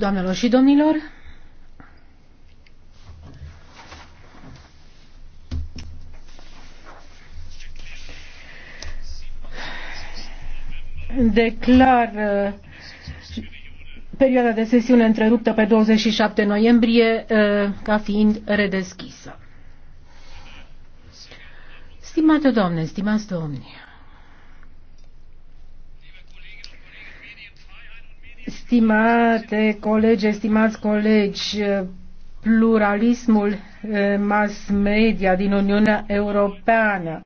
Doamnelor și domnilor, declar uh, perioada de sesiune întreruptă pe 27 noiembrie uh, ca fiind redeschisă. Stimate doamne, stimați domni, Stimate colegi, stimați colegi, pluralismul eh, mass media din Uniunea Europeană